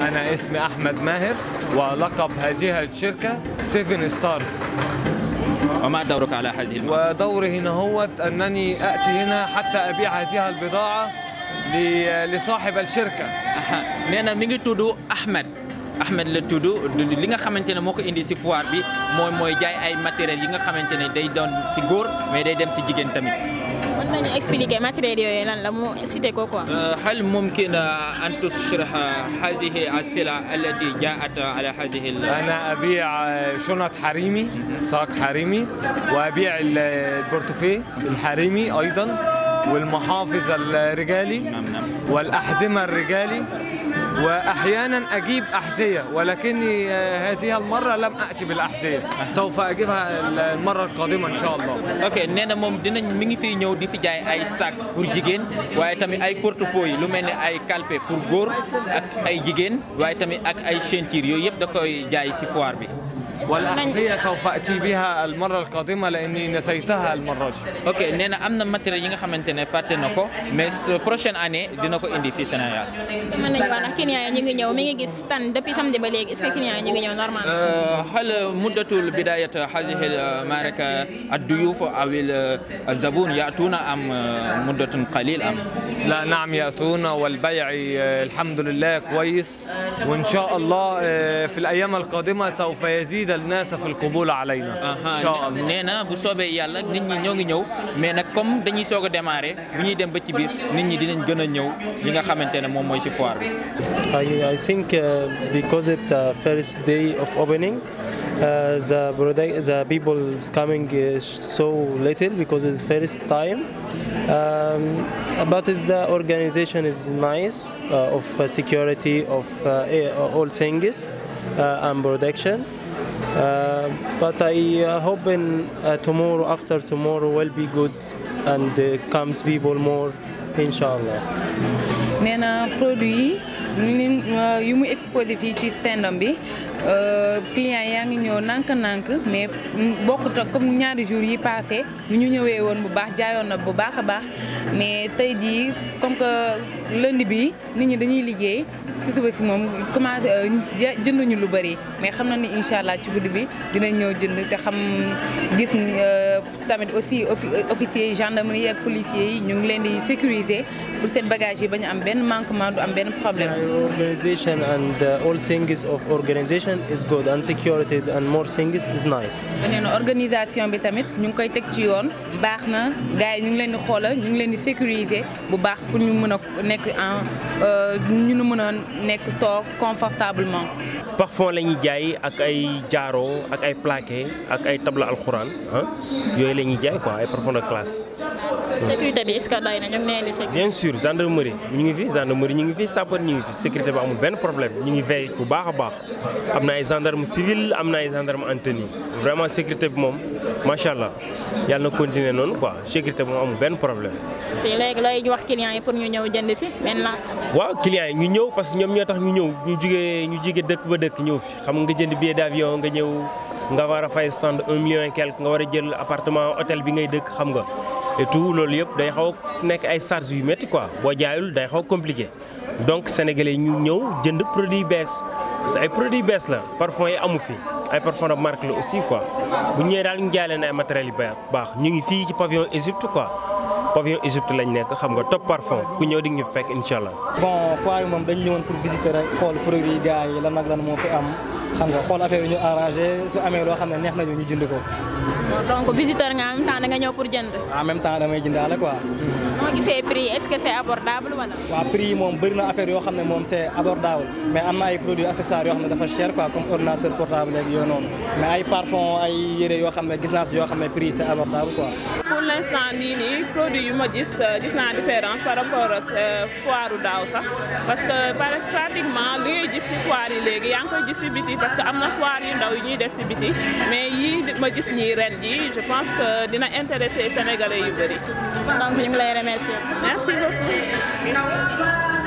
انا اسمي احمد ماهر ولقب هذه الشركه 7 ستارز وما دورك على هذه المعرفة؟ ودوري هنا هو انني اتي هنا حتى ابيع هذه البضاعه لصاحب الشركه نانا ميغي تودو احمد احمد لا تودو ليغا خامتيني موكو اندي سي فوار بي موي موي جاي اي ماتيريال ليغا خامتيني داي دون سي غور مي داي ديم سي جيجين تاميت هل ممكن أن تشرح هذه السلع التي جاءت على هذه ال؟ أنا أبيع uh, شنط حريمي ساق حريمي وأبيع البورتوفيه الحريمي أيضا والمحافظ الرجالي نعم، نعم. والأحزمة الرجالي وأحيانا أجيب أحذية ولكني آه، هذه المرة لم اتي بالأحذية سوف أجيبها المرة القادمة إن شاء الله أوكي نينا موم دينا ميغي في نيو دي في جاي أي ساك بور جيجين واي تامي أي بورتفوي لو ملني أي كالبي بور غور أك أي جيجين واي تامي أك أي شينتير يوي ييب داكاي جاي سي فوار بي والأحذية سوف أتي بها المرة القادمة لأني نسيتها المرة دي أوكي نينا أمنا ما ماتيريال ييغا خامتيني فاتي نكو مس بروشن أني دينا إندي في سنايا. من نيو أنا كينيا نيغي نيو ميغي غيس ستان ديبي سامدي با ليغي إسكو كينيا نيغي نيو نورمال هل مدة طول بداية هذه المعركة الضيوف أو الزبون يأتون أم مدة قليل أم؟ لا نعم يأتون والبيع الحمد لله كويس وإن شاء الله في الأيام القادمة سوف يزيد يزيد الناس في القبول علينا ان شاء الله nee I think uh, because it uh, first day of opening Uh, the the people is coming uh, so little because it's the first time. Um, but the organization is nice uh, of security of all things and protection. Uh, but I uh, hope in uh, tomorrow, after tomorrow, will be good and comes people more, inshallah. Nena, na produit yi exposé the ci stand on me. Euh, client yaa ngi ñëw nànk-nànk mais bokkut ak comme ñaari jours yi paase lu ñu ñëwee woon bu baax jaayoon na bu baax a baax mais tey jii comme que lënd bi nit ñi dañuy liggéey si suba si moom commencé euh, jënduñu lu bëri mais xam na ni incha allah ci guddi bi dinañ ñëw jënd te xam gis ni euh, tamit aussi officiers yi gendarmerie ak policier yi ñu ngi leen di sécuriser pour seen bagage yi ba ñu am benn manquement du am benn problème. organisation and uh, all things person is good and security and more things is nice. nee na organisation bi tamit ñu ngi koy teg ci yoon baax na gars yi ñu ngi leen di xoolal ñu ngi leen di sécuriser bu baax pour ñu mën a nekk en euh, ñu nu mën a nekk toog confortablement. parfum la ñuy jaay ak ay jaaro ak ay plaqué ak ay table alxuraan ah, yooyu la ñuy jaay quoi ay parfum de classe. sécurité bi est-ce que doy na ñu ngi sécurité. bien sûr gendarmerie ñu ngi fi gendarmerie ñu ngi fi sapeur ñu ngi fi sécurité ba amul ben problème ñu ngi veille bu baax a baax am na ay gendarme civil am na ay gendarme en tenue vraiment sécurité bi moom macha allah yàlla na continuer noonu quoi sécurité bi moom amul ben problème. si léegi lay wax client yi pour ñu ñëw jënd si benn lance. waaw client yi ñu ñëw parce que ñoom ñoo tax ñu ñëw ñu jugee ñu jugee dëkk ba dëkk ñëw fi xam nga jënd billet d'avion nga ñëw nga war a fay stand 1 million quelque nga war a jël appartement hôtel bi ngay dëkk xam nga et tout loolu yëpp day xaw a nekk ay charges yu métti quoi boo jaayul day xaw compliqué donc sénégalais ñu ñëw jënd produit bees ay produit bees la parfum yi amu fi ay parfum de marque la aussi quoi bu ñëwee daal ñu jaay leen ay matériels yu baax ñu ngi fii ci pavillon Égypte quoi pavillon Égypte lañ nekk xam nga top parfum ku ñëw di ñu fekk incha allah. bon foire moom dañ ñëwoon pour visiter rek xool produit gars yi lan ak lan moo fi am xam nga xool affaire yi ñu arrangé su amee loo xam ne neex nañu ñu jënd ko. donc visiteur nga en même temps da nga ñëw pour jënd. en même temps prix est-ce que c'est abordable wala. prix moom bëri na affaire yoo xam ne moom c'est abordable mais am na ay produits accessoires yoo xam ne dafa cher quoi comme ordinateur portable ak noonu mais ay parfum ay yére yoo xam ne gis naa si yoo xam ne prix c'est abordable quoi. pour l'instant nii nii produit yu ma gis euh, gis naa différence par rapport ak euh, foire daaw sax parce que pratiquement li ngay gis si foire yi léegi que am na ma gis nii ren jii je pense que dina intéresser sénégalais yu bëri. donc ñu ngi lay remercier. merci beaucoup.